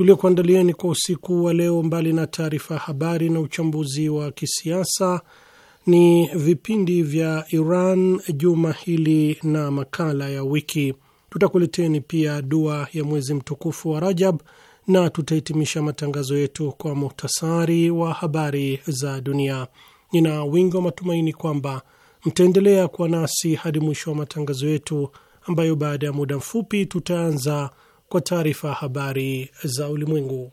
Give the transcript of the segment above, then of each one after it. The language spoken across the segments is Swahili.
tuliokuandalieni kwa usiku wa leo, mbali na taarifa ya habari na uchambuzi wa kisiasa, ni vipindi vya Iran juma hili na makala ya wiki. Tutakuleteni pia dua ya mwezi mtukufu wa Rajab na tutahitimisha matangazo yetu kwa muhtasari wa habari za dunia. Nina wingi wa matumaini kwamba mtaendelea kuwa nasi hadi mwisho wa matangazo yetu ambayo baada ya muda mfupi tutaanza kwa taarifa ya habari za ulimwengu.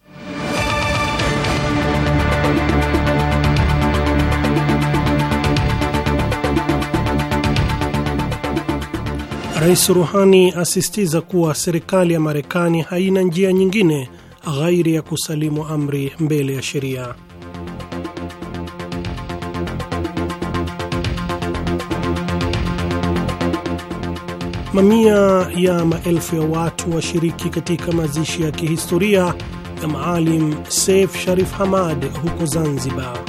Rais Ruhani asisitiza kuwa serikali ya Marekani haina njia nyingine ghairi ya kusalimu amri mbele ya sheria. Mamia ya maelfu ya watu washiriki katika mazishi ya kihistoria ya Maalim Seif Sharif Hamad huko Zanzibar.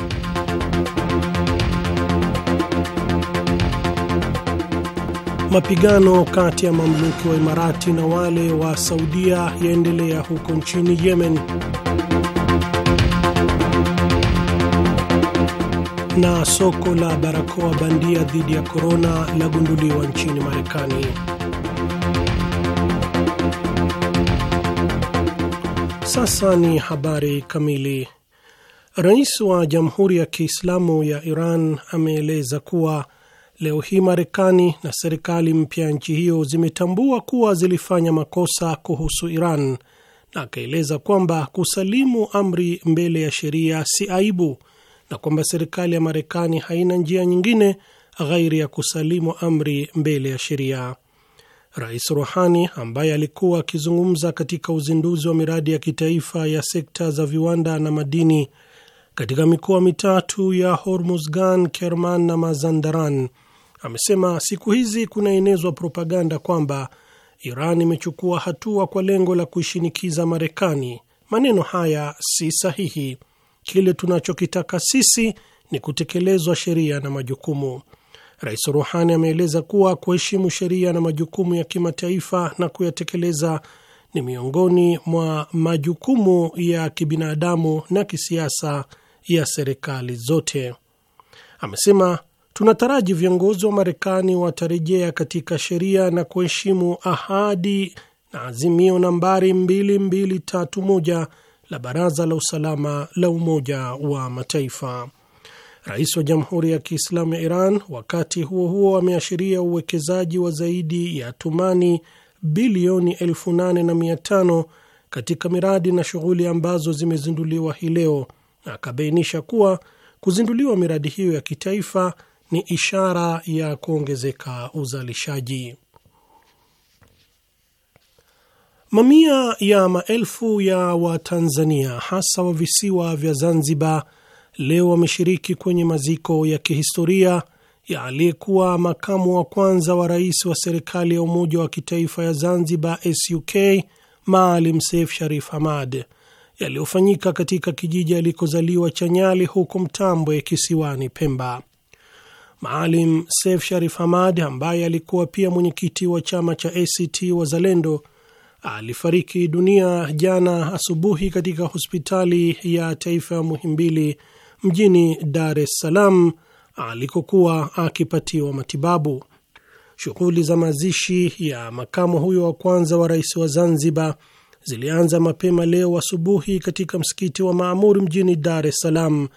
Mapigano kati ya mamluki wa Imarati na wale wa Saudia yaendelea huko nchini Yemen. Na soko la barakoa bandia dhidi ya korona lagunduliwa nchini Marekani. Sasa ni habari kamili. Rais wa Jamhuri ya Kiislamu ya Iran ameeleza kuwa Leo hii Marekani na serikali mpya ya nchi hiyo zimetambua kuwa zilifanya makosa kuhusu Iran na akaeleza kwamba kusalimu amri mbele ya sheria si aibu na kwamba serikali ya Marekani haina njia nyingine ghairi ya kusalimu amri mbele ya sheria. Rais Rohani ambaye alikuwa akizungumza katika uzinduzi wa miradi ya kitaifa ya sekta za viwanda na madini katika mikoa mitatu ya Hormuzgan, Kerman na Mazandaran amesema siku hizi kunaenezwa propaganda kwamba Iran imechukua hatua kwa lengo la kuishinikiza Marekani. Maneno haya si sahihi. Kile tunachokitaka sisi ni kutekelezwa sheria na majukumu. Rais Ruhani ameeleza kuwa kuheshimu sheria na majukumu ya kimataifa na kuyatekeleza ni miongoni mwa majukumu ya kibinadamu na kisiasa ya serikali zote. Amesema Tunataraji viongozi wa Marekani watarejea katika sheria na kuheshimu ahadi na azimio nambari 2231 la Baraza la Usalama la Umoja wa Mataifa. Rais wa Jamhuri ya Kiislamu ya Iran wakati huo huo ameashiria uwekezaji wa zaidi ya tumani bilioni 8500 katika miradi na shughuli ambazo zimezinduliwa hii leo, na akabainisha kuwa kuzinduliwa miradi hiyo ya kitaifa ni ishara ya kuongezeka uzalishaji. Mamia ya maelfu ya Watanzania hasa wa visiwa vya Zanzibar leo wameshiriki kwenye maziko ya kihistoria ya aliyekuwa makamu wa kwanza wa rais wa serikali ya umoja wa kitaifa ya Zanzibar SUK Maalim Seif Sharif Hamad yaliyofanyika katika kijiji alikozaliwa cha Nyali huko Mtambwe kisiwani Pemba. Maalim Seif Sharif Hamad ambaye alikuwa pia mwenyekiti wa chama cha ACT Wazalendo alifariki dunia jana asubuhi katika hospitali ya taifa ya Muhimbili mjini Dar es Salaam alikokuwa akipatiwa matibabu. Shughuli za mazishi ya makamu huyo wa kwanza wa rais wa Zanzibar zilianza mapema leo asubuhi katika msikiti wa Maamuri mjini Dar es Salaam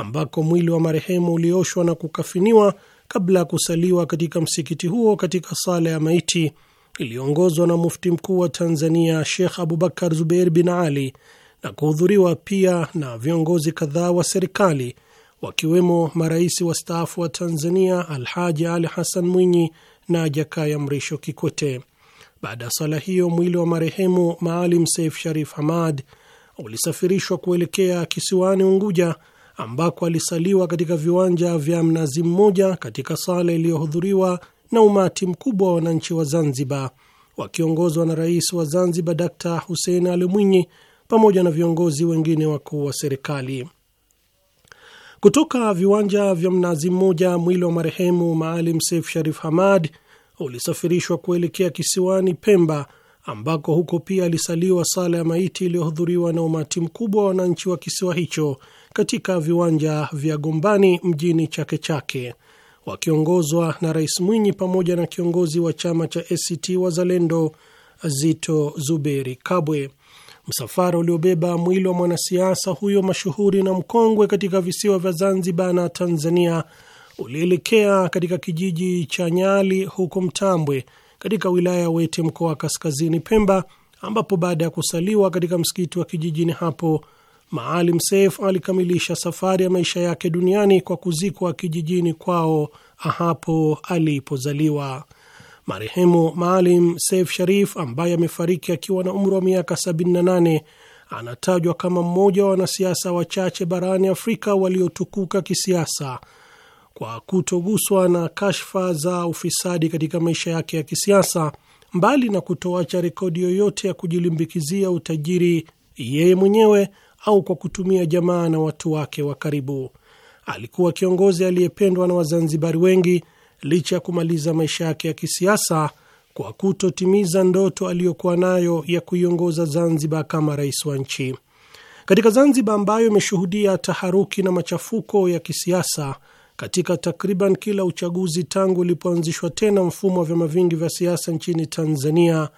ambako mwili wa marehemu ulioshwa na kukafiniwa kabla ya kusaliwa katika msikiti huo katika sala ya maiti iliyoongozwa na mufti mkuu wa Tanzania shekh Abubakar Zubeir bin Ali na kuhudhuriwa pia na viongozi kadhaa wa serikali wakiwemo marais wastaafu wa Tanzania Alhaji Ali Hassan Mwinyi na Jakaya Mrisho Kikwete. Baada ya sala hiyo, mwili wa marehemu Maalim Seif Sharif Hamad ulisafirishwa kuelekea kisiwani Unguja ambako alisaliwa katika viwanja vya Mnazi Mmoja katika sala iliyohudhuriwa na umati mkubwa wa wananchi wa Zanzibar wakiongozwa na rais wa Zanzibar d Hussein Ali Mwinyi pamoja na viongozi wengine wakuu wa serikali. Kutoka viwanja vya Mnazi Mmoja, mwili wa marehemu Maalim Seif Sharif Hamad ulisafirishwa kuelekea kisiwani Pemba, ambako huko pia alisaliwa sala ya maiti iliyohudhuriwa na umati mkubwa wa wananchi wa kisiwa hicho katika viwanja vya Gombani mjini Chake Chake wakiongozwa na Rais Mwinyi pamoja na kiongozi wa chama cha ACT Wazalendo Zito Zuberi Kabwe. Msafara uliobeba mwili wa mwanasiasa huyo mashuhuri na mkongwe katika visiwa vya Zanzibar na Tanzania ulielekea katika kijiji cha Nyali huko Mtambwe katika wilaya ya Wete mkoa wa Kaskazini Pemba, ambapo baada ya kusaliwa katika msikiti wa kijijini hapo Maalim Seif alikamilisha safari ya maisha yake duniani kwa kuzikwa kijijini kwao hapo alipozaliwa. Marehemu Maalim Seif Sharif ambaye amefariki akiwa na umri wa miaka 78 anatajwa kama mmoja wa wanasiasa wachache barani Afrika waliotukuka kisiasa kwa kutoguswa na kashfa za ufisadi katika maisha yake ya kisiasa, mbali na kutoacha rekodi yoyote ya kujilimbikizia utajiri yeye mwenyewe au kwa kutumia jamaa na watu wake wa karibu. Alikuwa kiongozi aliyependwa na Wazanzibari wengi licha ya kumaliza maisha yake ya kisiasa kwa kutotimiza ndoto aliyokuwa nayo ya kuiongoza Zanzibar kama rais wa nchi. Katika Zanzibar ambayo imeshuhudia taharuki na machafuko ya kisiasa katika takriban kila uchaguzi tangu ulipoanzishwa tena mfumo wa vyama vingi vya siasa nchini Tanzania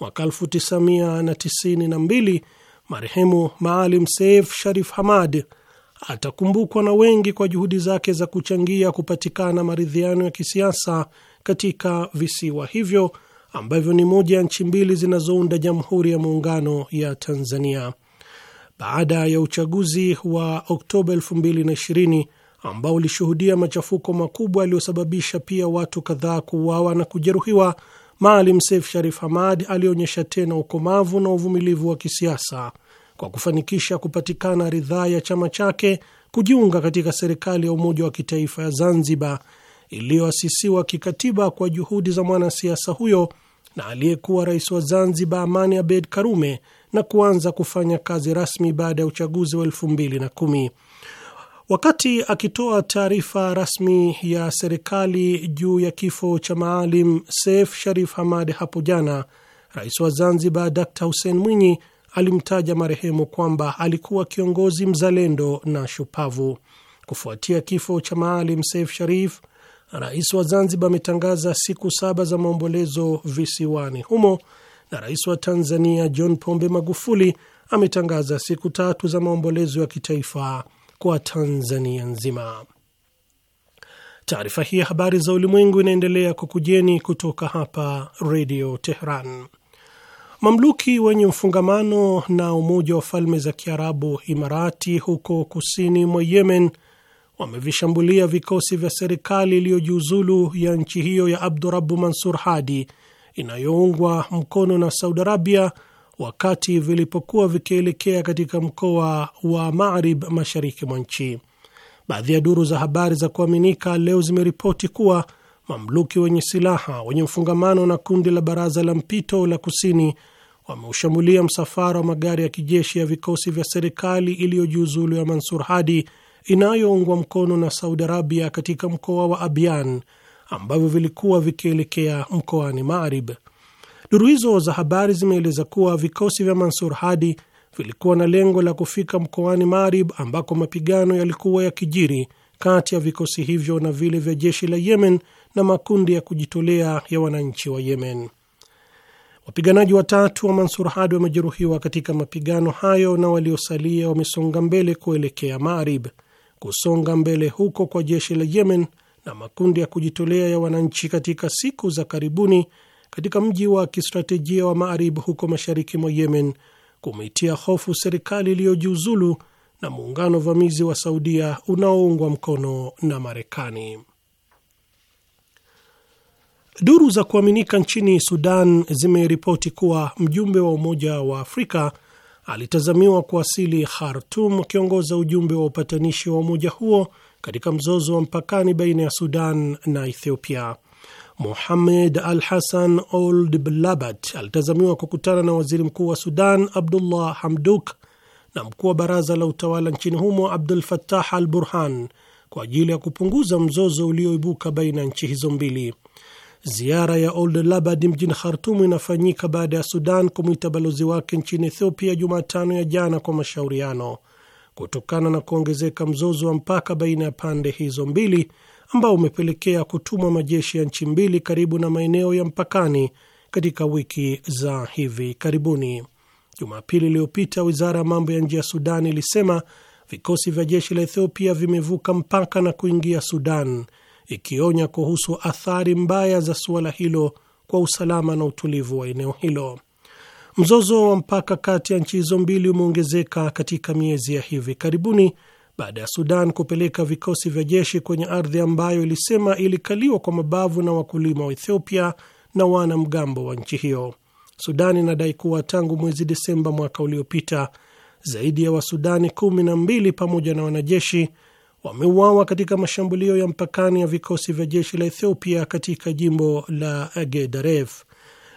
mwaka 1992 marehemu Maalim Seif Sharif Hamad atakumbukwa na wengi kwa juhudi zake za kuchangia kupatikana maridhiano ya kisiasa katika visiwa hivyo ambavyo ni moja ya nchi mbili zinazounda Jamhuri ya Muungano ya Tanzania. Baada ya uchaguzi wa Oktoba 2020 ambao ulishuhudia machafuko makubwa yaliyosababisha pia watu kadhaa kuuawa na kujeruhiwa Maalim Seif Sharif Hamad alionyesha tena ukomavu na uvumilivu wa kisiasa kwa kufanikisha kupatikana ridhaa ya chama chake kujiunga katika serikali ya umoja wa kitaifa ya Zanzibar iliyoasisiwa kikatiba kwa juhudi za mwanasiasa huyo na aliyekuwa rais wa Zanzibar Amani abed Karume na kuanza kufanya kazi rasmi baada ya uchaguzi wa elfu mbili na kumi. Wakati akitoa taarifa rasmi ya serikali juu ya kifo cha Maalim Seif Sharif Hamad hapo jana, rais wa Zanzibar d Hussein Mwinyi alimtaja marehemu kwamba alikuwa kiongozi mzalendo na shupavu. Kufuatia kifo cha Maalim Seif Sharif, rais wa Zanzibar ametangaza siku saba za maombolezo visiwani humo, na rais wa Tanzania John Pombe Magufuli ametangaza siku tatu za maombolezo ya kitaifa kwa Tanzania nzima. Taarifa hii ya habari za ulimwengu inaendelea kukujeni kutoka hapa Redio Tehran. Mamluki wenye mfungamano na Umoja wa Falme za Kiarabu, Imarati, huko kusini mwa Yemen wamevishambulia vikosi vya serikali iliyojiuzulu ya nchi hiyo ya Abdurabu Mansur Hadi inayoungwa mkono na Saudi Arabia wakati vilipokuwa vikielekea katika mkoa wa Marib mashariki mwa nchi. Baadhi ya duru za habari za kuaminika leo zimeripoti kuwa mamluki wenye silaha wenye mfungamano na kundi la Baraza la Mpito la Kusini wameushambulia msafara wa magari ya kijeshi ya vikosi vya serikali iliyojiuzulu ya Mansur Hadi inayoungwa mkono na Saudi Arabia katika mkoa wa Abyan ambavyo vilikuwa vikielekea mkoani Marib. Duru hizo za habari zimeeleza kuwa vikosi vya Mansur Hadi vilikuwa na lengo la kufika mkoani Marib ambako mapigano yalikuwa yakijiri kati ya vikosi hivyo na vile vya jeshi la Yemen na makundi ya kujitolea ya wananchi wa Yemen. Wapiganaji watatu wa Mansur Hadi wamejeruhiwa katika mapigano hayo na waliosalia wamesonga mbele kuelekea Marib. Kusonga mbele huko kwa jeshi la Yemen na makundi ya kujitolea ya wananchi katika siku za karibuni katika mji wa kistratejia wa Maarib huko mashariki mwa Yemen kumeitia hofu serikali iliyojiuzulu na muungano vamizi wa Saudia unaoungwa mkono na Marekani. Duru za kuaminika nchini Sudan zimeripoti kuwa mjumbe wa Umoja wa Afrika alitazamiwa kuwasili Khartum akiongoza ujumbe wa upatanishi wa umoja huo katika mzozo wa mpakani baina ya Sudan na Ethiopia. Mohamed Al Hassan old Blabat alitazamiwa kukutana na waziri mkuu wa Sudan Abdullah Hamduk na mkuu wa baraza la utawala nchini humo Abdul Fattah Al Burhan kwa ajili ya kupunguza mzozo ulioibuka baina ya nchi hizo mbili. Ziara ya Old Labad mjini Khartum inafanyika baada ya Sudan kumwita balozi wake nchini Ethiopia Jumatano ya jana kwa mashauriano kutokana na kuongezeka mzozo wa mpaka baina ya pande hizo mbili ambao umepelekea kutumwa majeshi ya nchi mbili karibu na maeneo ya mpakani katika wiki za hivi karibuni. Jumapili iliyopita wizara ya mambo ya nje ya Sudan ilisema vikosi vya jeshi la Ethiopia vimevuka mpaka na kuingia Sudan, ikionya kuhusu athari mbaya za suala hilo kwa usalama na utulivu wa eneo hilo. Mzozo wa mpaka kati ya nchi hizo mbili umeongezeka katika miezi ya hivi karibuni baada ya Sudan kupeleka vikosi vya jeshi kwenye ardhi ambayo ilisema ilikaliwa kwa mabavu na wakulima wa Ethiopia na wanamgambo wa nchi hiyo. Sudan inadai kuwa tangu mwezi Desemba mwaka uliopita zaidi ya Wasudani kumi na mbili pamoja na wanajeshi wameuawa katika mashambulio ya mpakani ya vikosi vya jeshi la Ethiopia katika jimbo la Gedaref.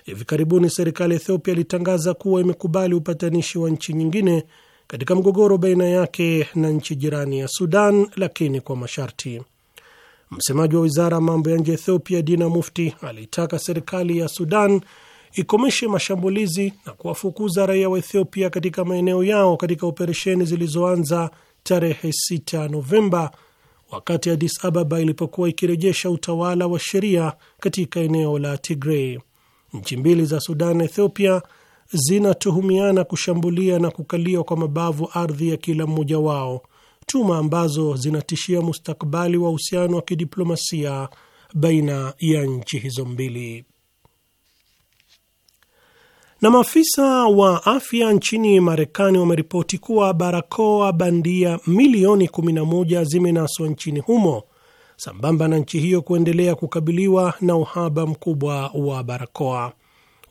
Hivi karibuni serikali ya Ethiopia ilitangaza kuwa imekubali upatanishi wa nchi nyingine katika mgogoro baina yake na nchi jirani ya Sudan, lakini kwa masharti. Msemaji wa wizara ya mambo ya nje ya Ethiopia, Dina Mufti, aliitaka serikali ya Sudan ikomeshe mashambulizi na kuwafukuza raia wa Ethiopia katika maeneo yao katika operesheni zilizoanza tarehe 6 Novemba wakati Addis Ababa ilipokuwa ikirejesha utawala wa sheria katika eneo la tigrei Nchi mbili za Sudan na Ethiopia zinatuhumiana kushambulia na kukalia kwa mabavu ardhi ya kila mmoja wao, tuma ambazo zinatishia mustakabali wa uhusiano wa kidiplomasia baina ya nchi hizo mbili. Na maafisa wa afya nchini Marekani wameripoti kuwa barakoa bandia milioni 11 zimenaswa nchini humo sambamba na nchi hiyo kuendelea kukabiliwa na uhaba mkubwa wa barakoa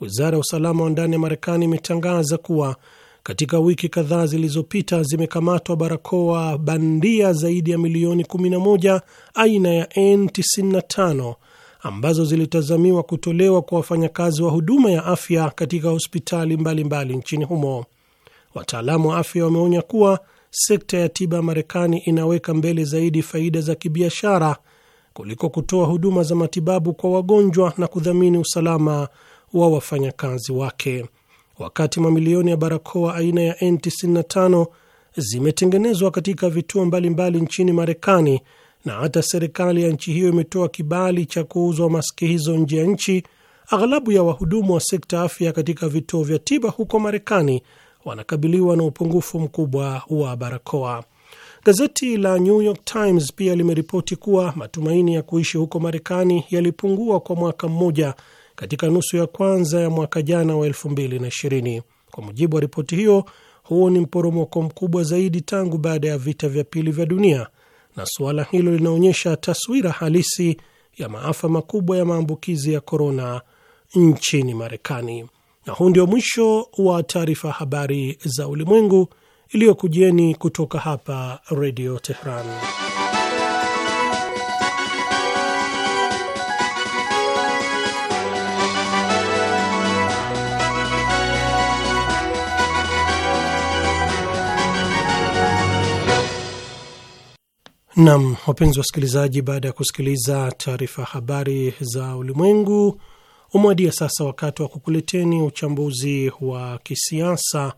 wizara ya usalama wa ndani ya Marekani imetangaza kuwa katika wiki kadhaa zilizopita zimekamatwa barakoa bandia zaidi ya milioni 11 aina ya N95 ambazo zilitazamiwa kutolewa kwa wafanyakazi wa huduma ya afya katika hospitali mbalimbali mbali nchini humo. Wataalamu wa afya wameonya kuwa sekta ya tiba ya Marekani inaweka mbele zaidi faida za kibiashara kuliko kutoa huduma za matibabu kwa wagonjwa na kudhamini usalama wa wafanyakazi wake, wakati mamilioni ya barakoa aina ya N95 zimetengenezwa katika vituo mbalimbali mbali nchini Marekani na hata serikali ya nchi hiyo imetoa kibali cha kuuzwa maski hizo nje ya nchi. Aghalabu ya wahudumu wa sekta afya katika vituo vya tiba huko Marekani wanakabiliwa na upungufu mkubwa wa barakoa. Gazeti la New York Times pia limeripoti kuwa matumaini ya kuishi huko Marekani yalipungua kwa mwaka mmoja katika nusu ya kwanza ya mwaka jana wa 2020. Kwa mujibu wa ripoti hiyo, huo ni mporomoko mkubwa zaidi tangu baada ya vita vya pili vya dunia, na suala hilo linaonyesha taswira halisi ya maafa makubwa ya maambukizi ya korona nchini Marekani. Na huu ndio mwisho wa taarifa habari za ulimwengu iliyokujieni kutoka hapa Redio Tehran. Nam, wapenzi wasikilizaji, baada ya kusikiliza taarifa habari za ulimwengu, umewadia sasa wakati wa kukuleteni uchambuzi wa kisiasa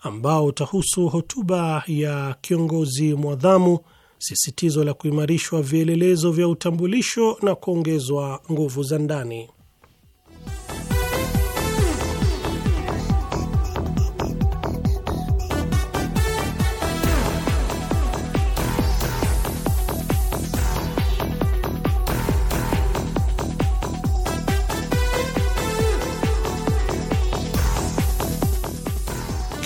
ambao utahusu hotuba ya kiongozi mwadhamu, sisitizo la kuimarishwa vielelezo vya utambulisho na kuongezwa nguvu za ndani.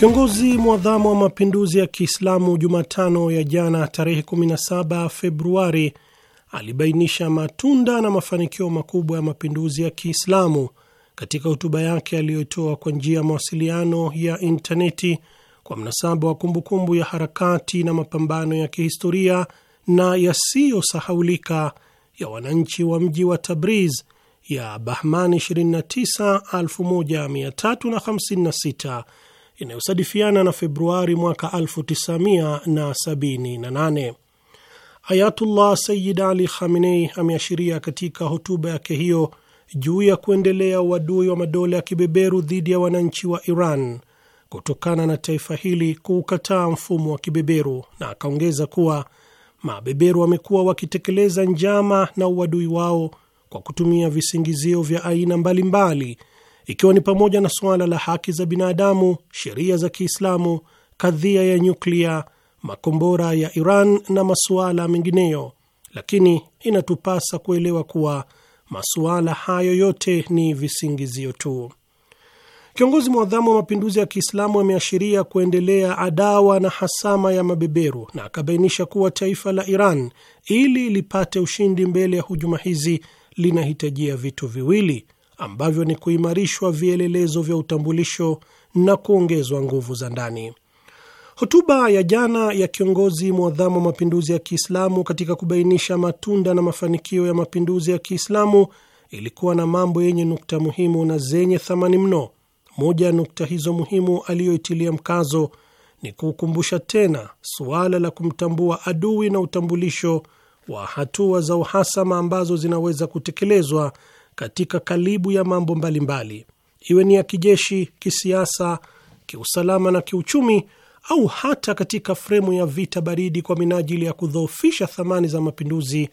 Kiongozi mwadhamu wa mapinduzi ya Kiislamu Jumatano ya jana tarehe 17 Februari alibainisha matunda na mafanikio makubwa ya mapinduzi ya Kiislamu katika hotuba yake aliyoitoa kwa njia ya mawasiliano ya intaneti kwa mnasaba wa kumbukumbu ya harakati na mapambano ya kihistoria na yasiyosahaulika ya wananchi wa mji wa Tabriz ya Bahman 29 1356 inayosadifiana na Februari mwaka 1978. Ayatullah Sayyid Ali Khamenei ameashiria katika hotuba yake hiyo juu ya kuendelea uadui wa madola ya kibeberu dhidi ya wananchi wa Iran kutokana na taifa hili kuukataa mfumo wa kibeberu, na akaongeza kuwa mabeberu wamekuwa wakitekeleza njama na uadui wao kwa kutumia visingizio vya aina mbalimbali mbali, ikiwa ni pamoja na suala la haki za binadamu, sheria za Kiislamu, kadhia ya nyuklia, makombora ya Iran na masuala mengineyo, lakini inatupasa kuelewa kuwa masuala hayo yote ni visingizio tu. Kiongozi mwadhamu wa mapinduzi ya Kiislamu ameashiria kuendelea adawa na hasama ya mabeberu na akabainisha kuwa taifa la Iran ili lipate ushindi mbele ya hujuma hizi linahitajia vitu viwili: ambavyo ni kuimarishwa vielelezo vya utambulisho na kuongezwa nguvu za ndani. Hotuba ya jana ya kiongozi mwadhamu wa mapinduzi ya Kiislamu katika kubainisha matunda na mafanikio ya mapinduzi ya Kiislamu ilikuwa na mambo yenye nukta muhimu na zenye thamani mno. Moja ya nukta hizo muhimu aliyoitilia mkazo ni kukumbusha tena suala la kumtambua adui na utambulisho wa hatua za uhasama ambazo zinaweza kutekelezwa katika kalibu ya mambo mbalimbali, iwe ni ya kijeshi, kisiasa, kiusalama na kiuchumi, au hata katika fremu ya vita baridi kwa minajili ya kudhoofisha thamani za mapinduzi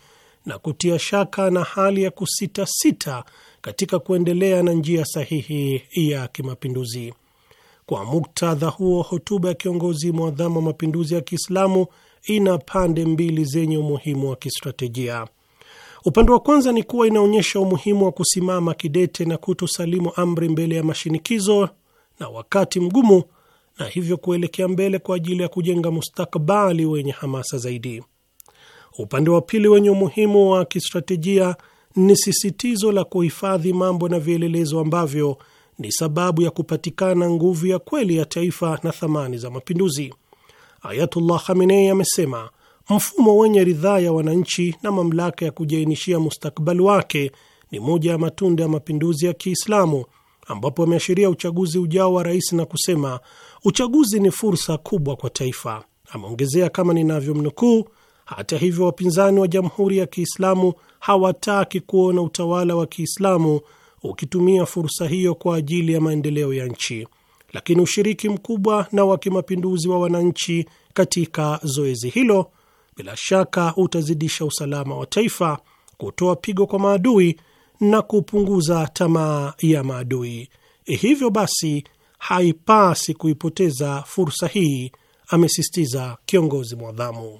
na kutia shaka na hali ya kusitasita katika kuendelea na njia sahihi ya kimapinduzi. Kwa muktadha huo, hotuba ya kiongozi mwadhamu wa mapinduzi ya Kiislamu ina pande mbili zenye umuhimu wa kistratejia. Upande wa kwanza ni kuwa inaonyesha umuhimu wa kusimama kidete na kutosalimu amri mbele ya mashinikizo na wakati mgumu, na hivyo kuelekea mbele kwa ajili ya kujenga mustakabali wenye hamasa zaidi. Upande wa pili wenye umuhimu wa kistratejia ni sisitizo la kuhifadhi mambo na vielelezo ambavyo ni sababu ya kupatikana nguvu ya kweli ya taifa na thamani za mapinduzi. Ayatullah Khamenei amesema mfumo wenye ridhaa ya wananchi na mamlaka ya kujiainishia mustakbali wake ni moja ya matunda ya mapinduzi ya Kiislamu, ambapo ameashiria uchaguzi ujao wa rais na kusema uchaguzi ni fursa kubwa kwa taifa. Ameongezea kama ninavyomnukuu, hata hivyo, wapinzani wa Jamhuri ya Kiislamu hawataki kuona utawala wa Kiislamu ukitumia fursa hiyo kwa ajili ya maendeleo ya nchi, lakini ushiriki mkubwa na wa kimapinduzi wa wananchi katika zoezi hilo bila shaka utazidisha usalama wa taifa, kutoa pigo kwa maadui na kupunguza tamaa ya maadui. Hivyo basi haipasi kuipoteza fursa hii, amesisitiza kiongozi mwadhamu.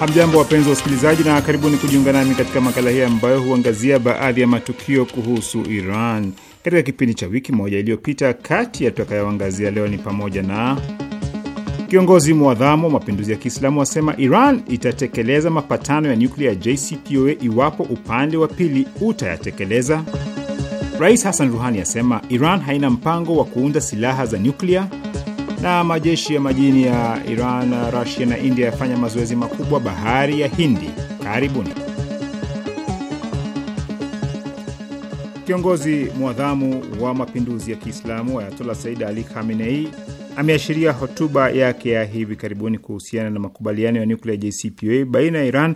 Hamjambo, wapenzi wa usikilizaji, na karibuni kujiunga nami katika makala hii ambayo huangazia baadhi ya matukio kuhusu Iran katika kipindi cha wiki moja iliyopita. Kati ya tutakayoangazia leo ni pamoja na kiongozi mwadhamu wa mapinduzi ya Kiislamu asema Iran itatekeleza mapatano ya nyuklia ya JCPOA iwapo upande wa pili utayatekeleza. Rais Hassan Ruhani asema Iran haina mpango wa kuunda silaha za nyuklia na majeshi ya majini ya Iran, Rusia na India yafanya mazoezi makubwa bahari ya Hindi. Karibuni. Kiongozi mwadhamu wa mapinduzi ya Kiislamu Ayatollah Said Ali Khamenei ameashiria hotuba yake ya hivi karibuni kuhusiana na makubaliano ya nyuklia JCPOA baina ya Iran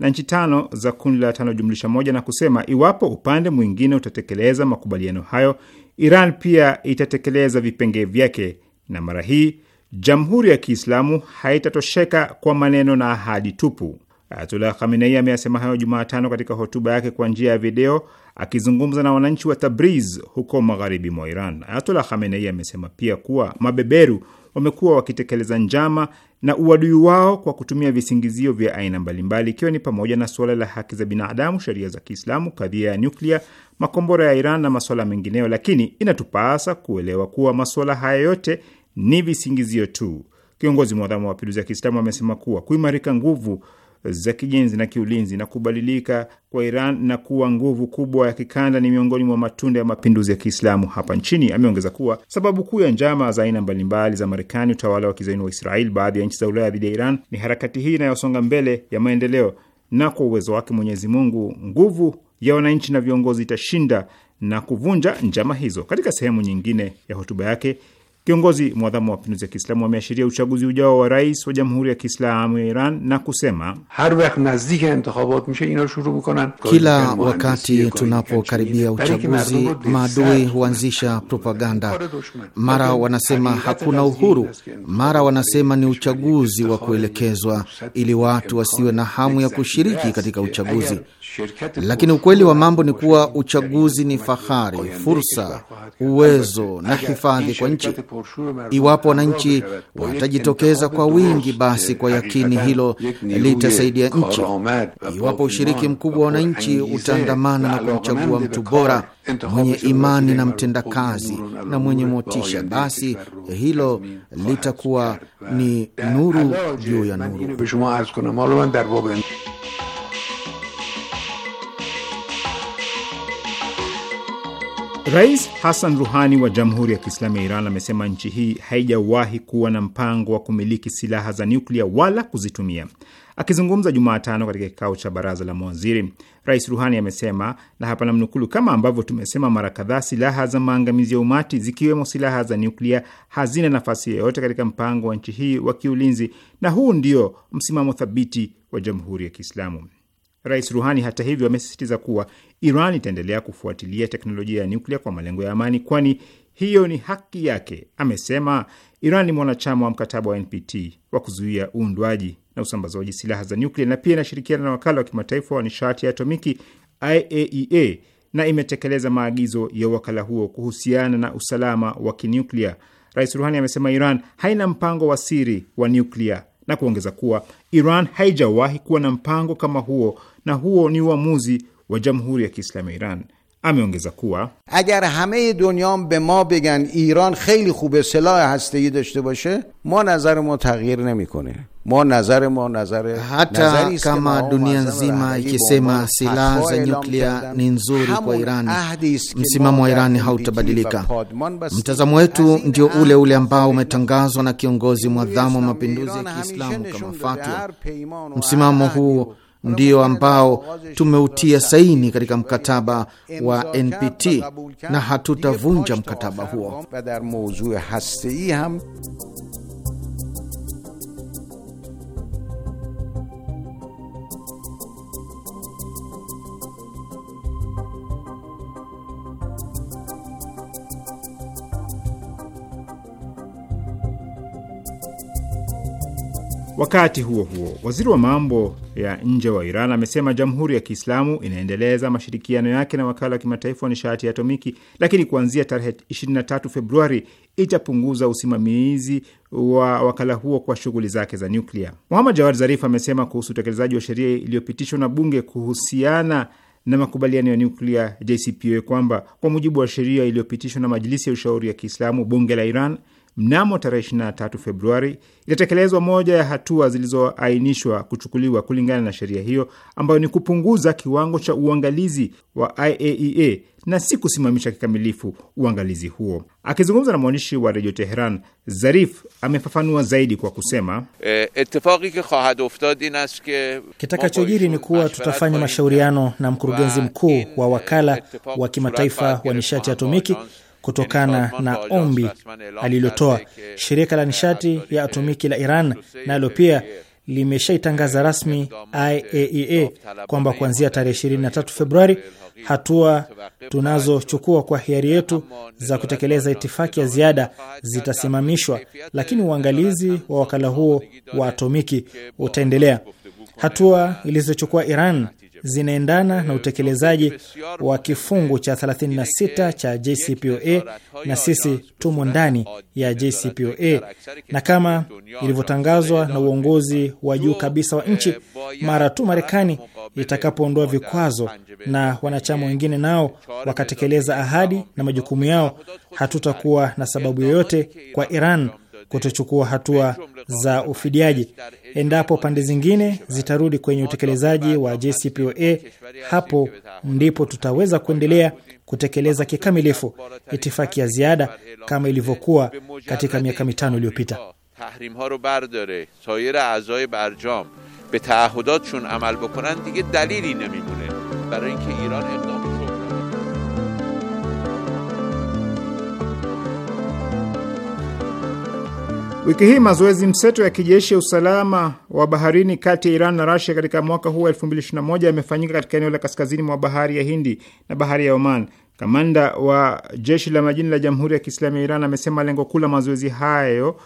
na nchi tano za kundi la tano jumlisha moja na kusema iwapo upande mwingine utatekeleza makubaliano hayo, Iran pia itatekeleza vipenge vyake na mara hii Jamhuri ya Kiislamu haitatosheka kwa maneno na ahadi tupu. Ayatullah Khamenei ameyasema hayo Jumatano katika hotuba yake kwa njia ya video akizungumza na wananchi wa Tabriz huko magharibi mwa Iran. Ayatullah Khamenei amesema pia kuwa mabeberu wamekuwa wakitekeleza njama na uadui wao kwa kutumia visingizio vya aina mbalimbali, ikiwa ni pamoja na suala la haki za binadamu, sheria za Kiislamu, kadhia ya nyuklia, makombora ya Iran na masuala mengineyo. Lakini inatupasa kuelewa kuwa masuala haya yote ni visingizio tu. Kiongozi mwadhamu wa mapinduzi ya Kiislamu amesema kuwa kuimarika nguvu za kijenzi na kiulinzi na kubadilika kwa Iran na kuwa nguvu kubwa ya kikanda ni miongoni mwa matunda ya mapinduzi ya Kiislamu hapa nchini. Ameongeza kuwa sababu kuu ya njama za aina mbalimbali za Marekani, utawala wa kizaini wa Israeli, baadhi ya nchi za Ulaya dhidi ya Iran ni harakati hii inayosonga mbele ya maendeleo, na kwa uwezo wake Mwenyezi Mungu, nguvu ya wananchi na viongozi itashinda na kuvunja njama hizo. Katika sehemu nyingine ya hotuba yake Kiongozi mwadhamu wa mapinduzi ya Kiislamu wameashiria uchaguzi ujao wa rais wa jamhuri ya Kiislamu ya Iran na kusema, e kila wakati tunapokaribia uchaguzi, maadui huanzisha propaganda. Mara wanasema hakuna uhuru, mara wanasema ni uchaguzi wa kuelekezwa, ili watu wasiwe na hamu ya kushiriki katika uchaguzi. Lakini ukweli wa mambo ni kuwa uchaguzi ni fahari, fursa, uwezo na hifadhi kwa nchi. Iwapo wananchi watajitokeza kwa wingi, basi kwa eh, yakini hilo litasaidia nchi. Iwapo ushiriki mkubwa wa wananchi utaandamana na kumchagua mtu bora mwenye imani na mtendakazi na mwenye motisha, basi hilo litakuwa ni nuru juu ya nuru. Rais Hassan Ruhani wa Jamhuri ya Kiislamu ya Iran amesema nchi hii haijawahi kuwa na mpango wa kumiliki silaha za nyuklia wala kuzitumia. Akizungumza Jumatano katika kikao cha baraza la mawaziri, Rais Ruhani amesema na hapa namnukulu: kama ambavyo tumesema mara kadhaa, silaha za maangamizi ya umati zikiwemo silaha za nyuklia hazina nafasi yoyote katika mpango wa nchi hii wa kiulinzi, na huu ndio msimamo thabiti wa Jamhuri ya Kiislamu. Rais Ruhani hata hivyo amesisitiza kuwa Iran itaendelea kufuatilia teknolojia ya nyuklia kwa malengo ya amani, kwani hiyo ni haki yake. Amesema Iran ni mwanachama wa mkataba wa NPT wa kuzuia uundwaji na usambazaji silaha za nyuklia na pia inashirikiana na wakala wa kimataifa wa nishati ya atomiki IAEA e na imetekeleza maagizo ya wakala huo kuhusiana na usalama wa kinyuklia Rais Ruhani amesema Iran haina mpango wa siri wa nyuklia na kuongeza kuwa Iran haijawahi kuwa na mpango kama huo na huo ni uamuzi wa Jamhuri ya Kiislamu ya Iran. Ameongeza kuwa agar hame dunya be ma began iran kheli khube silah hastegi dashte bashe ma nazar ma taghyir nemikone Mo nazare, mo nazare, hata nazare kama dunia nzima ikisema silaha za nyuklia ni nzuri kwa Iran, msimamo wa irani hautabadilika. Mtazamo wetu ndio ule ule ambao umetangazwa na kiongozi mwadhamu wa mapinduzi ya Kiislamu kama fatwa. Msimamo huu ndio ambao tumeutia saini katika mkataba wa NPT na hatutavunja mkataba huo. Wakati huo huo, waziri wa mambo ya nje wa Iran amesema Jamhuri ya Kiislamu inaendeleza mashirikiano yake na wakala wa kimataifa wa nishati ya atomiki, lakini kuanzia tarehe 23 Februari itapunguza usimamizi wa wakala huo kwa shughuli zake za nyuklia. Muhamad Jawad Zarif amesema kuhusu utekelezaji wa sheria iliyopitishwa na bunge kuhusiana na makubaliano ya nyuklia JCPOA kwamba kwa mujibu wa sheria iliyopitishwa na Majilisi ya Ushauri ya Kiislamu, bunge la Iran mnamo tarehe 23 Februari itatekelezwa moja ya hatua zilizoainishwa kuchukuliwa kulingana na sheria hiyo ambayo ni kupunguza kiwango cha uangalizi wa IAEA e na si kusimamisha kikamilifu uangalizi huo. Akizungumza na mwandishi wa redio Teheran, Zarif amefafanua zaidi kwa kusema eh, kitakachojiri ni kuwa tutafanya mashauriano na mkurugenzi mkuu wa wakala wa kimataifa wa nishati atomiki kutokana na ombi alilotoa. Shirika la nishati ya atomiki la Iran nalo na pia limeshaitangaza rasmi IAEA e kwamba kuanzia tarehe 23 Februari, hatua tunazochukua kwa hiari yetu za kutekeleza itifaki ya ziada zitasimamishwa, lakini uangalizi wa wakala huo wa atomiki utaendelea. Hatua ilizochukua Iran zinaendana na utekelezaji wa kifungu cha 36 cha JCPOA na sisi tumo ndani ya JCPOA, na kama ilivyotangazwa na uongozi wa juu kabisa wa nchi, mara tu Marekani itakapoondoa vikwazo na wanachama wengine nao wakatekeleza ahadi na majukumu yao, hatutakuwa na sababu yoyote kwa Iran kutochukua hatua za ufidiaji. Endapo pande zingine zitarudi kwenye utekelezaji wa JCPOA, hapo ndipo tutaweza kuendelea kutekeleza kikamilifu itifaki ya ziada kama ilivyokuwa katika miaka mitano iliyopita. Wiki hii mazoezi mseto ya kijeshi ya usalama wa baharini kati ya Iran na Rasia katika mwaka huu wa 2021 yamefanyika katika eneo la kaskazini mwa bahari ya Hindi na bahari ya Oman. Kamanda wa jeshi la majini la Jamhuri ya Kiislamu ya Iran amesema lengo kuu la mazoezi hayo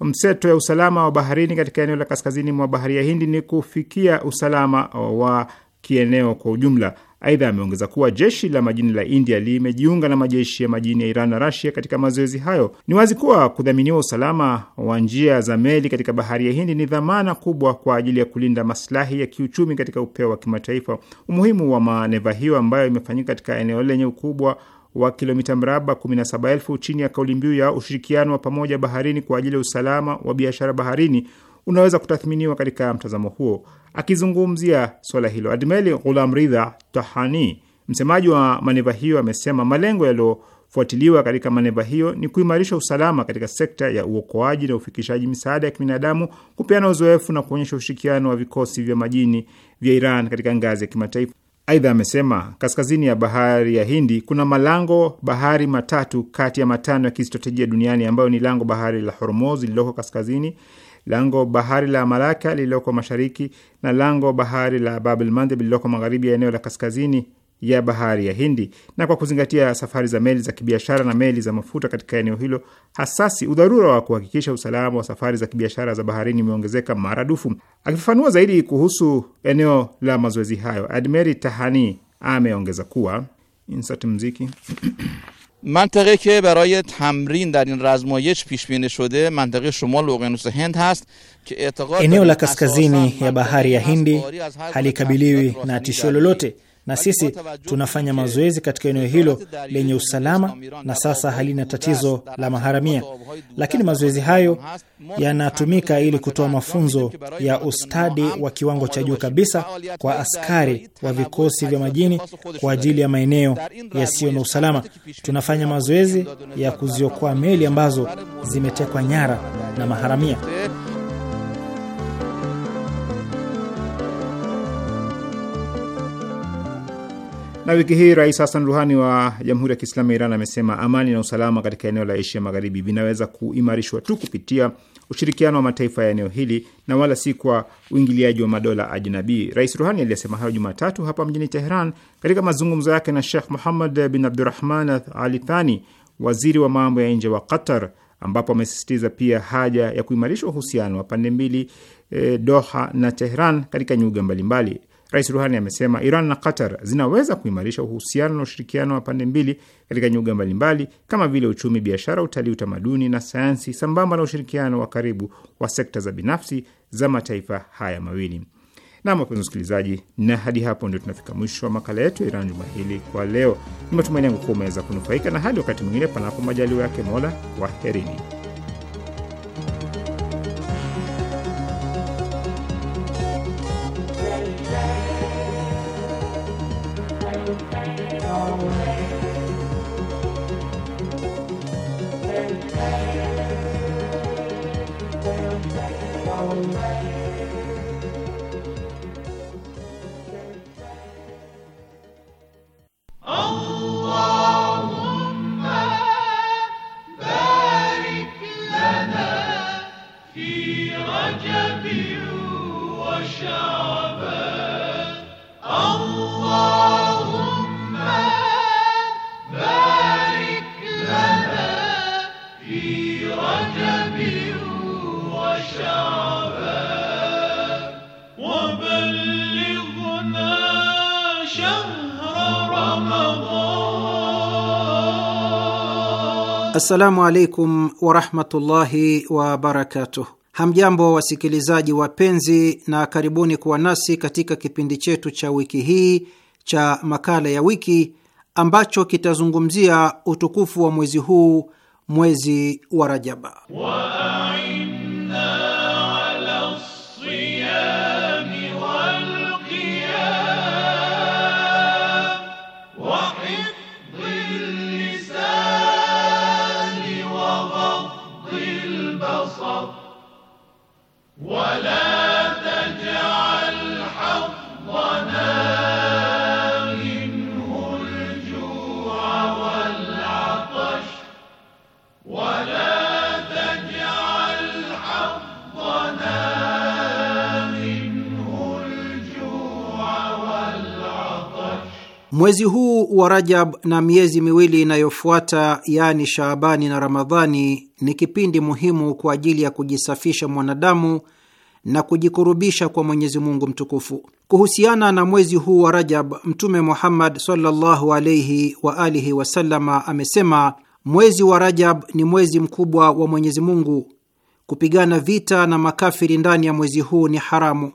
mseto ya usalama wa baharini katika eneo la kaskazini mwa bahari ya Hindi ni kufikia usalama wa kieneo kwa ujumla. Aidha, ameongeza kuwa jeshi la majini la India limejiunga na majeshi ya majini ya Iran na Rasia katika mazoezi hayo. Ni wazi kuwa kudhaminiwa usalama wa njia za meli katika bahari ya Hindi ni dhamana kubwa kwa ajili ya kulinda masilahi ya kiuchumi katika upeo wa kimataifa. Umuhimu wa maneva hiyo ambayo imefanyika katika eneo lenye ukubwa wa kilomita mraba 17,000 chini ya kauli mbiu ya ushirikiano wa pamoja baharini kwa ajili ya usalama wa biashara baharini unaweza kutathminiwa katika mtazamo huo. Akizungumzia swala hilo, Admeli Ghulam Ridha Tahani, msemaji wa maneva hiyo, amesema malengo yaliyofuatiliwa katika maneva hiyo ni kuimarisha usalama katika sekta ya uokoaji na ufikishaji misaada ya kibinadamu, kupeana uzoefu na kuonyesha ushirikiano wa vikosi vya majini vya Iran katika ngazi ya kimataifa. Aidha amesema kaskazini ya bahari ya Hindi kuna malango bahari matatu kati ya matano ya kistratejia duniani ambayo ni lango bahari la Hormuz lililoko kaskazini, lango bahari la Malaka lililoko mashariki na lango bahari la Babel Mandeb lililoko magharibi ya eneo la kaskazini ya bahari ya Hindi. Na kwa kuzingatia safari za meli za kibiashara na meli za mafuta katika eneo hilo hasasi, udharura wa kuhakikisha usalama wa safari za kibiashara za baharini umeongezeka maradufu. Akifafanua zaidi kuhusu eneo la mazoezi hayo, Admeri Tahani ameongeza kuwa insert mziki منطقه که برای تمرین در این رزمایش پیش بینی شده منطقه شمال اقیانوس هند هست که اعتقاد اینه لکسکزینی یا بحری هندی حالی کبیلیوی ناتیشولولوتی na sisi tunafanya mazoezi katika eneo hilo lenye usalama, na sasa halina tatizo la maharamia, lakini mazoezi hayo yanatumika ili kutoa mafunzo ya ustadi wa kiwango cha juu kabisa kwa askari wa vikosi vya majini kwa ajili ya maeneo yasiyo na usalama. Tunafanya mazoezi ya kuziokoa meli ambazo zimetekwa nyara na maharamia. Na wiki hii Rais Hassan Ruhani wa Jamhuri ya Kiislamu ya Iran amesema amani na usalama katika eneo la Asia Magharibi vinaweza kuimarishwa tu kupitia ushirikiano wa mataifa ya eneo hili na wala si kwa uingiliaji wa madola ajnabii. Rais Ruhani aliyesema hayo Jumatatu hapa mjini Teheran katika mazungumzo yake na Sheikh Muhammad bin Abdurahman Ali Thani, waziri wa mambo ya nje wa Qatar, ambapo amesisitiza pia haja ya kuimarisha uhusiano wa pande mbili, e, Doha na Teheran katika nyuga mbalimbali. Rais Ruhani amesema Iran na Qatar zinaweza kuimarisha uhusiano na ushirikiano wa pande mbili katika nyuga mbalimbali kama vile uchumi, biashara, utalii, utamaduni na sayansi, sambamba na ushirikiano wa karibu wa sekta za binafsi za mataifa haya mawili. Nam, wapenzi wasikilizaji, na hadi hapo ndio tunafika mwisho wa makala yetu ya Iran juma hili kwa leo. Ni matumaini yangu kuwa umeweza kunufaika, na hadi wakati mwingine, panapo majaliwa yake Mola, waherini. Assalamu alaikum warahmatullahi wabarakatuh. Hamjambo wasikilizaji wapenzi, na karibuni kuwa nasi katika kipindi chetu cha wiki hii cha makala ya wiki ambacho kitazungumzia utukufu wa mwezi huu, mwezi wa Rajaba wa Mwezi huu wa Rajab na miezi miwili inayofuata yaani Shaabani na Ramadhani ni kipindi muhimu kwa ajili ya kujisafisha mwanadamu na kujikurubisha kwa Mwenyezi Mungu mtukufu. Kuhusiana na mwezi huu wa Rajab, Mtume Muhammad sallallahu alaihi wa alihi wasallama amesema, mwezi wa Rajab ni mwezi mkubwa wa Mwenyezi Mungu. Kupigana vita na makafiri ndani ya mwezi huu ni haramu.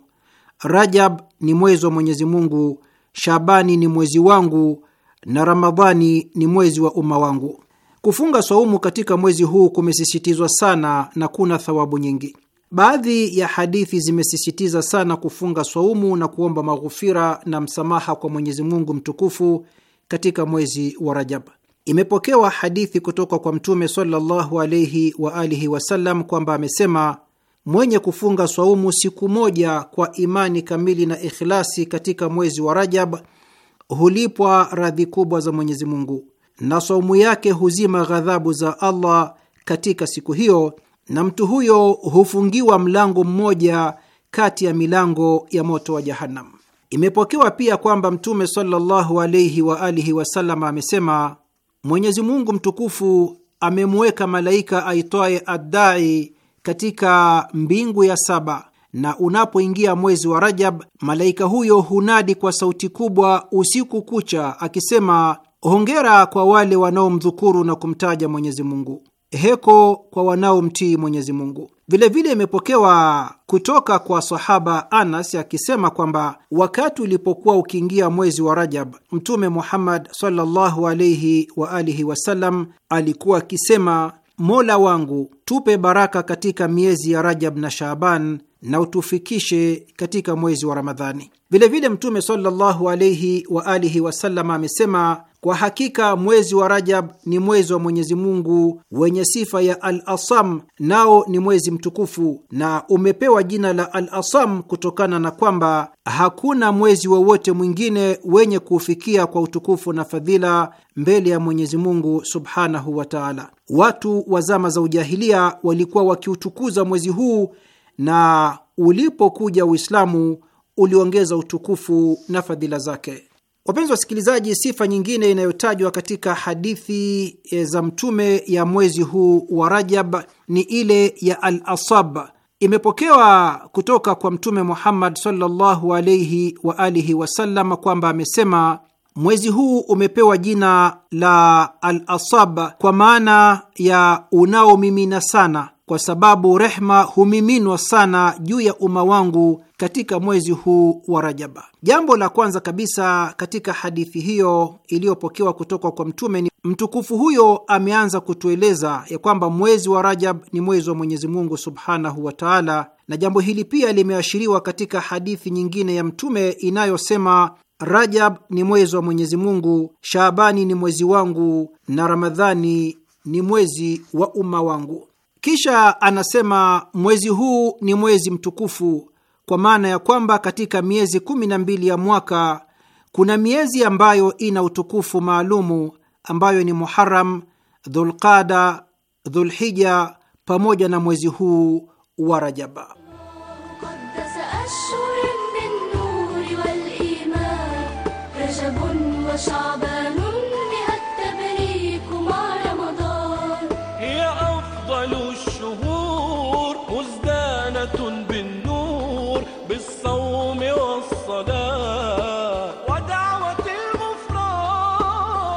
Rajab ni mwezi wa Mwenyezi Mungu, Shabani ni mwezi wangu na Ramadhani ni mwezi wa umma wangu. Kufunga swaumu katika mwezi huu kumesisitizwa sana na kuna thawabu nyingi. Baadhi ya hadithi zimesisitiza sana kufunga swaumu na kuomba maghufira na msamaha kwa Mwenyezi Mungu mtukufu katika mwezi wa Rajab. Imepokewa hadithi kutoka kwa Mtume sallallahu alaihi wa alihi wasallam kwamba amesema, mwenye kufunga swaumu siku moja kwa imani kamili na ikhlasi katika mwezi wa Rajab hulipwa radhi kubwa za Mwenyezi Mungu, na saumu yake huzima ghadhabu za Allah katika siku hiyo na mtu huyo hufungiwa mlango mmoja kati ya milango ya moto wa Jahannam. Imepokewa pia kwamba Mtume sallallahu alaihi wa alihi wasallam amesema, Mwenyezi Mungu mtukufu amemweka malaika aitwaye Addai katika mbingu ya saba, na unapoingia mwezi wa Rajab, malaika huyo hunadi kwa sauti kubwa usiku kucha akisema, hongera kwa wale wanaomdhukuru na kumtaja Mwenyezi Mungu heko kwa wanaomtii Mwenyezi Mungu. Vilevile imepokewa kutoka kwa sahaba Anas akisema kwamba wakati ulipokuwa ukiingia mwezi wa Rajab, Mtume Muhammad sallallahu alaihi wa alihi wasallam alikuwa akisema, Mola wangu, tupe baraka katika miezi ya Rajab na Shaaban na utufikishe katika mwezi wa Ramadhani. Vilevile Mtume sallallahu alaihi wa alihi wasallam amesema, kwa hakika mwezi wa Rajab ni mwezi wa Mwenyezi Mungu wenye sifa ya Al-Asam, nao ni mwezi mtukufu na umepewa jina la Al-Asam kutokana na kwamba hakuna mwezi wowote mwingine wenye kuufikia kwa utukufu na fadhila mbele ya Mwenyezi Mungu subhanahu wa taala. Watu wa zama za ujahilia walikuwa wakiutukuza mwezi huu na ulipokuja Uislamu uliongeza utukufu na fadhila zake. Wapenzi wasikilizaji, sifa nyingine inayotajwa katika hadithi eh, za Mtume ya mwezi huu wa Rajab ni ile ya al-asab. Imepokewa kutoka kwa Mtume Muhammad sallallahu alaihi wa alihi wasallam kwamba amesema, mwezi huu umepewa jina la al-asab kwa maana ya unaomimina sana kwa sababu rehma humiminwa sana juu ya umma wangu katika mwezi huu wa Rajaba. Jambo la kwanza kabisa katika hadithi hiyo iliyopokewa kutoka kwa Mtume ni mtukufu huyo ameanza kutueleza ya kwamba mwezi wa Rajab ni mwezi wa Mwenyezi Mungu subhanahu wa taala, na jambo hili pia limeashiriwa katika hadithi nyingine ya Mtume inayosema Rajab ni mwezi wa Mwenyezi Mungu, Shaabani ni mwezi wangu, na Ramadhani ni mwezi wa umma wangu. Kisha anasema mwezi huu ni mwezi mtukufu, kwa maana ya kwamba katika miezi kumi na mbili ya mwaka kuna miezi ambayo ina utukufu maalumu, ambayo ni Muharam, Dhulqada, Dhulhija pamoja na mwezi huu wa Rajaba.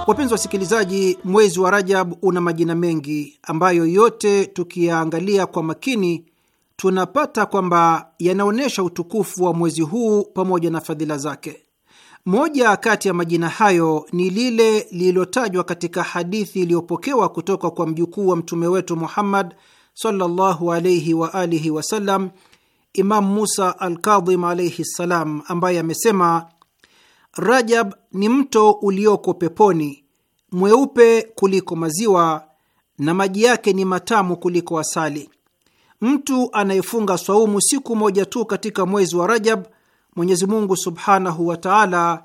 Wapenzi wasikilizaji, mwezi wa Rajab una majina mengi ambayo yote tukiyaangalia kwa makini tunapata kwamba yanaonyesha utukufu wa mwezi huu pamoja na fadhila zake. Moja kati ya majina hayo ni lile lililotajwa katika hadithi iliyopokewa kutoka kwa mjukuu wa mtume wetu Muhammad sallallahu alayhi wa alihi wasallam, Imamu Musa Alkadhim alaihi ssalam, ambaye amesema Rajab ni mto ulioko peponi, mweupe kuliko maziwa na maji yake ni matamu kuliko asali. Mtu anayefunga swaumu siku moja tu katika mwezi wa Rajab, Mwenyezi Mungu subhanahu wa taala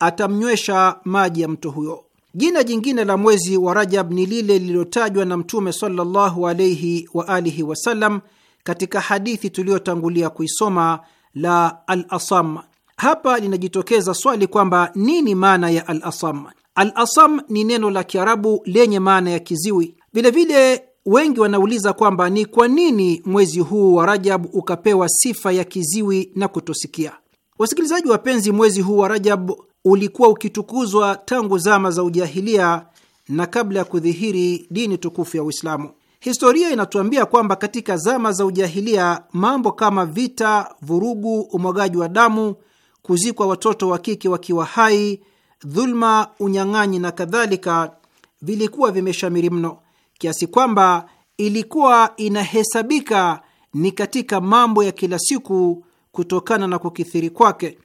atamnywesha maji ya mto huyo. Jina jingine la mwezi wa Rajab ni lile lililotajwa na Mtume sallallahu alaihi wa alihi wasallam katika hadithi tuliyotangulia kuisoma la Al Asam, hapa linajitokeza swali kwamba nini maana ya al-asam? Al-asam ni neno la Kiarabu lenye maana ya kiziwi. Vilevile wengi wanauliza kwamba ni kwa nini mwezi huu wa Rajab ukapewa sifa ya kiziwi na kutosikia. Wasikilizaji wapenzi, mwezi huu wa Rajab ulikuwa ukitukuzwa tangu zama za ujahilia na kabla ya kudhihiri dini tukufu ya Uislamu. Historia inatuambia kwamba katika zama za ujahilia mambo kama vita, vurugu, umwagaji wa damu kuzikwa watoto wa kike wakiwa hai, dhulma, unyang'anyi na kadhalika vilikuwa vimeshamiri mno kiasi kwamba ilikuwa inahesabika ni katika mambo ya kila siku kutokana na kukithiri kwake.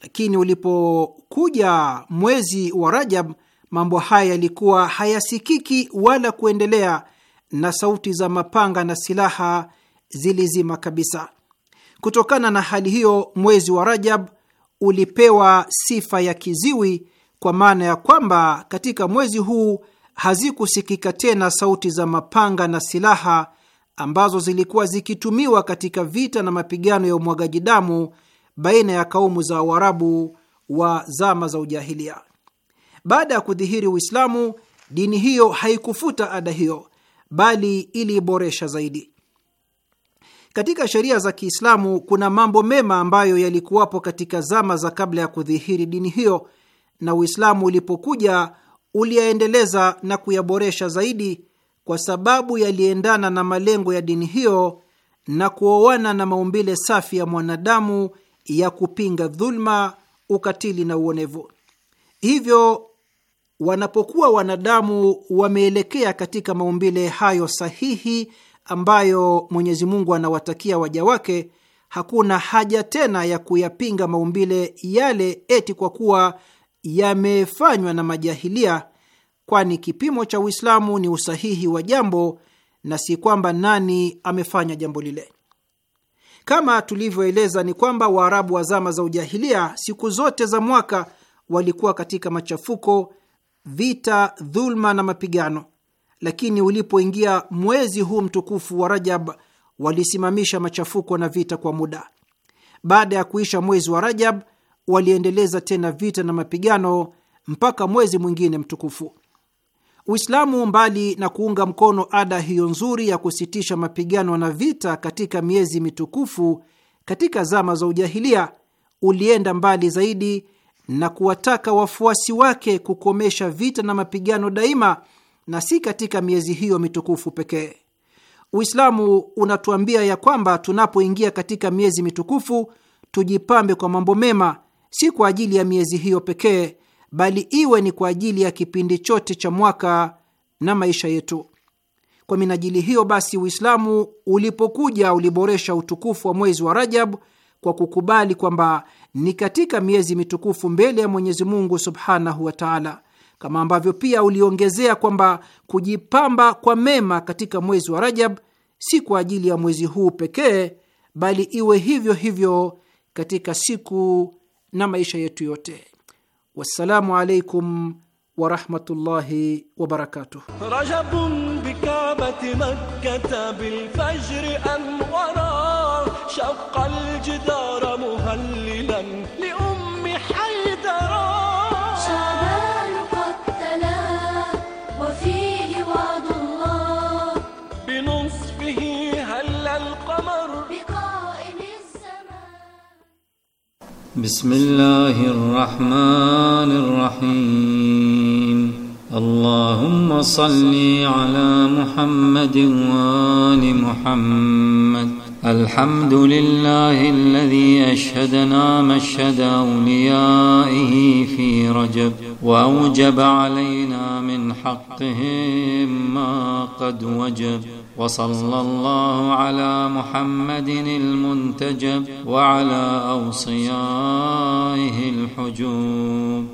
Lakini ulipokuja mwezi wa Rajab, mambo haya yalikuwa hayasikiki wala kuendelea, na sauti za mapanga na silaha zilizima kabisa. Kutokana na hali hiyo, mwezi wa Rajab ulipewa sifa ya kiziwi, kwa maana ya kwamba katika mwezi huu hazikusikika tena sauti za mapanga na silaha ambazo zilikuwa zikitumiwa katika vita na mapigano ya umwagaji damu baina ya kaumu za Waarabu wa zama za ujahilia. Baada ya kudhihiri Uislamu, dini hiyo haikufuta ada hiyo, bali iliiboresha zaidi. Katika sheria za Kiislamu kuna mambo mema ambayo yalikuwapo katika zama za kabla ya kudhihiri dini hiyo, na Uislamu ulipokuja uliyaendeleza na kuyaboresha zaidi, kwa sababu yaliendana na malengo ya dini hiyo na kuoana na maumbile safi ya mwanadamu ya kupinga dhulma, ukatili na uonevu. Hivyo wanapokuwa wanadamu wameelekea katika maumbile hayo sahihi ambayo Mwenyezi Mungu anawatakia waja wake, hakuna haja tena ya kuyapinga maumbile yale eti kwa kuwa yamefanywa na majahilia, kwani kipimo cha Uislamu ni usahihi wa jambo na si kwamba nani amefanya jambo lile. Kama tulivyoeleza, ni kwamba Waarabu wa zama za ujahilia siku zote za mwaka walikuwa katika machafuko, vita, dhuluma na mapigano lakini ulipoingia mwezi huu mtukufu wa Rajab walisimamisha machafuko na vita kwa muda. Baada ya kuisha mwezi wa Rajab waliendeleza tena vita na mapigano mpaka mwezi mwingine mtukufu. Uislamu mbali na kuunga mkono ada hiyo nzuri ya kusitisha mapigano na vita katika miezi mitukufu katika zama za ujahilia, ulienda mbali zaidi na kuwataka wafuasi wake kukomesha vita na mapigano daima na si katika miezi hiyo mitukufu pekee. Uislamu unatuambia ya kwamba tunapoingia katika miezi mitukufu tujipambe kwa mambo mema, si kwa ajili ya miezi hiyo pekee, bali iwe ni kwa ajili ya kipindi chote cha mwaka na maisha yetu. Kwa minajili hiyo basi, Uislamu ulipokuja uliboresha utukufu wa mwezi wa Rajab kwa kukubali kwamba ni katika miezi mitukufu mbele ya Mwenyezi Mungu subhanahu wa taala kama ambavyo pia uliongezea kwamba kujipamba kwa mema katika mwezi wa Rajab si kwa ajili ya mwezi huu pekee, bali iwe hivyo hivyo katika siku na maisha yetu yote. Wassalamu alaikum warahmatullahi wabarakatuh. بسم الله الرحمن الرحيم اللهم صل على محمد وآل محمد الحمد لله الذي أشهدنا مشهد أوليائه في رجب وأوجب علينا من حقهم ما قد وجب وصلى الله على محمد المنتجب وعلى أوصيائه الحجوب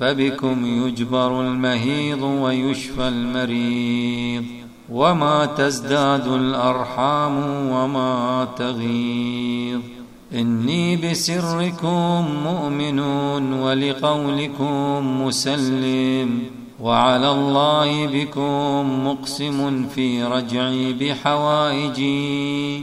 فبكم يجبر المهيض ويشفى المريض وما تزداد الارحام وما تغيض اني بسركم مؤمن ولقولكم مسلم وعلى الله بكم مقسم في رجعي بحوائجي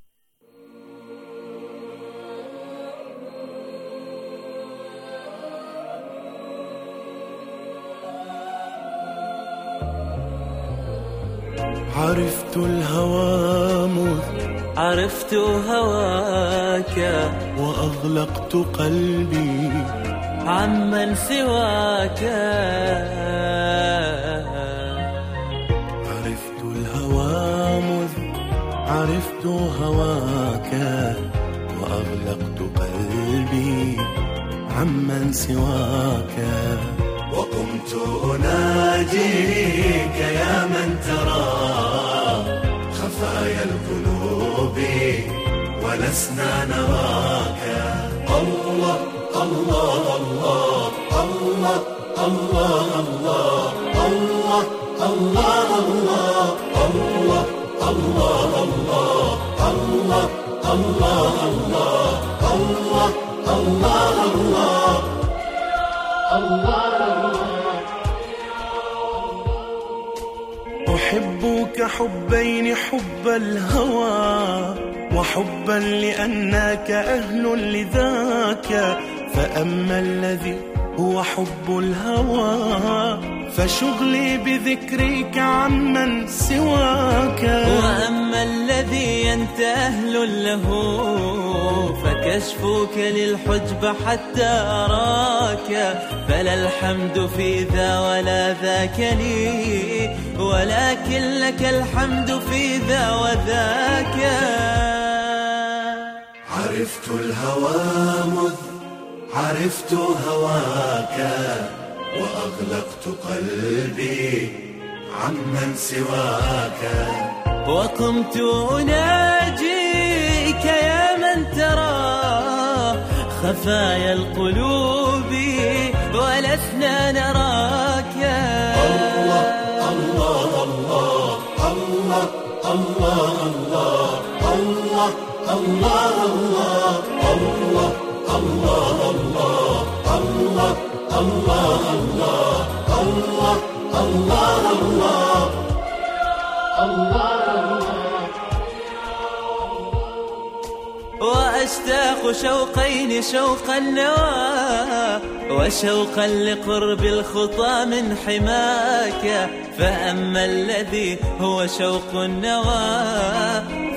عرفت الهوى مذ عرفت هواك وأغلقت قلبي عمن سواك عرفت الهوى مذ عرفت هواك وأغلقت قلبي عمن سواك كنت أناجيك يا من ترى خفايا القلوب ولسنا نراك الله الله الله الله الله الله الله الله الله الله الله الله الله الله الله الله الله الله الله أحبك حبين حب الهوى وحبا لأنك أهل لذاك فأما الذي هو حب الهوى فشغلي بذكرك عمن سواك وأما الذي أنت أهل له فكشفك للحجب حتى أراك فلا الحمد في ذا ولا ذاك لي ولكن لك الحمد في ذا وذاك عرفت الهوى مذ عرفت هواك وأغلقت قلبي عمن سواك وقمت أناجيك يا من ترى خفايا القلوب Allah Allah Allah Allah Allah Allah Allah Allah Allah Allah Allah Allah Allah Allah Allah Allah أشتاق شوقين شوق النوى وشوقا لقرب الخطى من حماك فأما الذي هو شوق النوى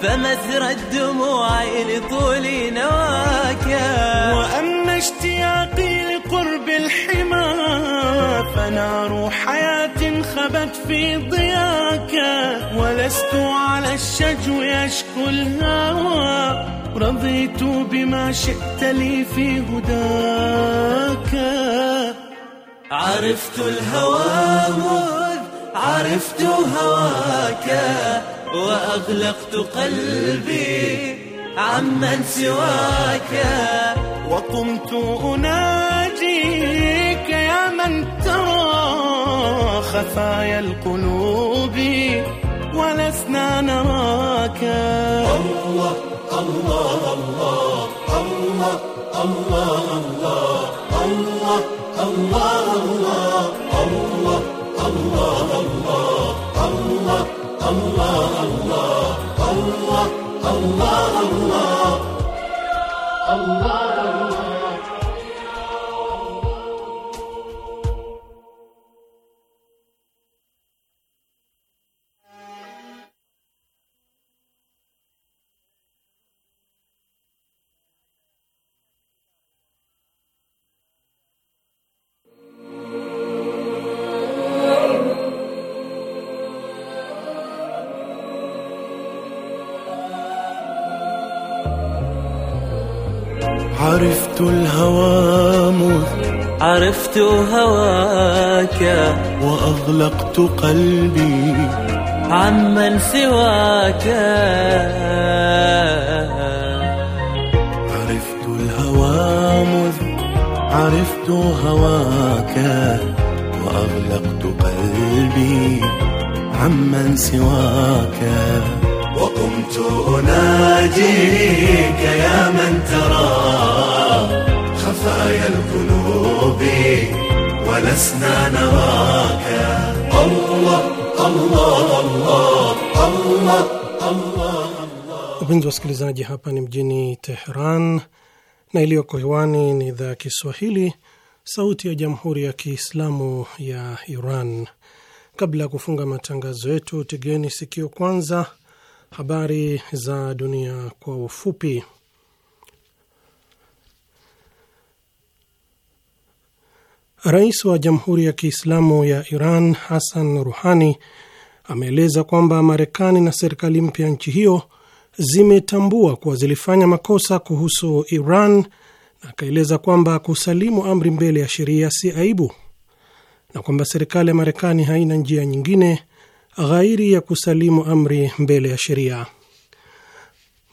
فمثرى الدموع لطول نواك وأما اشتياقي لقرب الحمى فنار حياتي خبت في ضياك ولست على الشجو يشكو الهوى رضيت بما شئت لي في هداك عرفت الهوى عرفت هواك وأغلقت قلبي عمن سواك وقمت أناك خفايا القلوب ولسنا نراك الله الله الله الله الله الله الله الله الله الله الله الله الله الله الله الله الله الله الله عرفت الهوى مذ عرفت هواك وأغلقت قلبي عمن سواك عرفت الهوى مذ عرفت هواك وأغلقت قلبي عمن سواك قمت أناجيك يا من ترى خفايا القلوب ولسنا نراك الله الله الله الله الله Wapenzi wasikilizaji, hapa ni mjini Teheran na iliyoko hewani ni idhaa ya Kiswahili, Sauti ya Jamhuri ya Kiislamu ya Iran. Kabla ya kufunga matangazo yetu, tegeni sikio kwanza Habari za dunia kwa ufupi. Rais wa Jamhuri ya Kiislamu ya Iran Hassan Ruhani ameeleza kwamba Marekani na serikali mpya nchi hiyo zimetambua kuwa zilifanya makosa kuhusu Iran na akaeleza kwamba kusalimu amri mbele ya sheria si aibu na kwamba serikali ya Marekani haina njia nyingine ghairi ya kusalimu amri mbele ya sheria.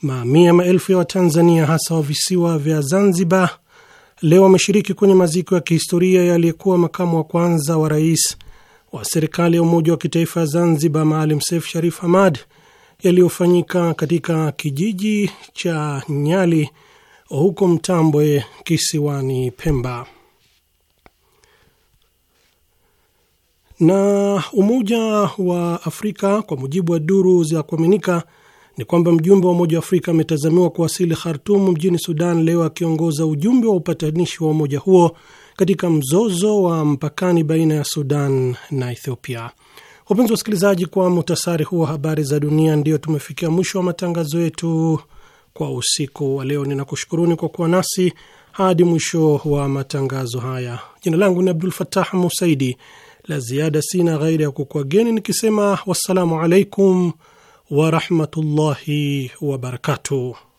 Mamia maelfu ya Watanzania hasa wa visiwa vya Zanzibar leo wameshiriki kwenye maziko ya kihistoria ya aliyekuwa makamu wa kwanza wa rais wa serikali ya umoja wa kitaifa ya Zanzibar Maalim Seif Sharif Hamad yaliyofanyika katika kijiji cha Nyali huko Mtambwe kisiwani Pemba. Na Umoja wa Afrika, kwa mujibu wa duru za kuaminika, ni kwamba mjumbe wa Umoja wa Afrika ametazamiwa kuwasili Khartum mjini Sudan leo akiongoza ujumbe wa upatanishi wa umoja huo katika mzozo wa mpakani baina ya Sudan na Ethiopia. Wapenzi wasikilizaji, kwa muhtasari huu wa habari za dunia, ndiyo tumefikia mwisho wa matangazo yetu kwa usiku wa leo. Ninakushukuruni kwa kuwa nasi hadi mwisho wa matangazo haya. Jina langu ni Abdul Fatah Musaidi la ziada sina ghairi ya kukwageni nikisema wassalamu alaikum warahmatullahi wabarakatuh.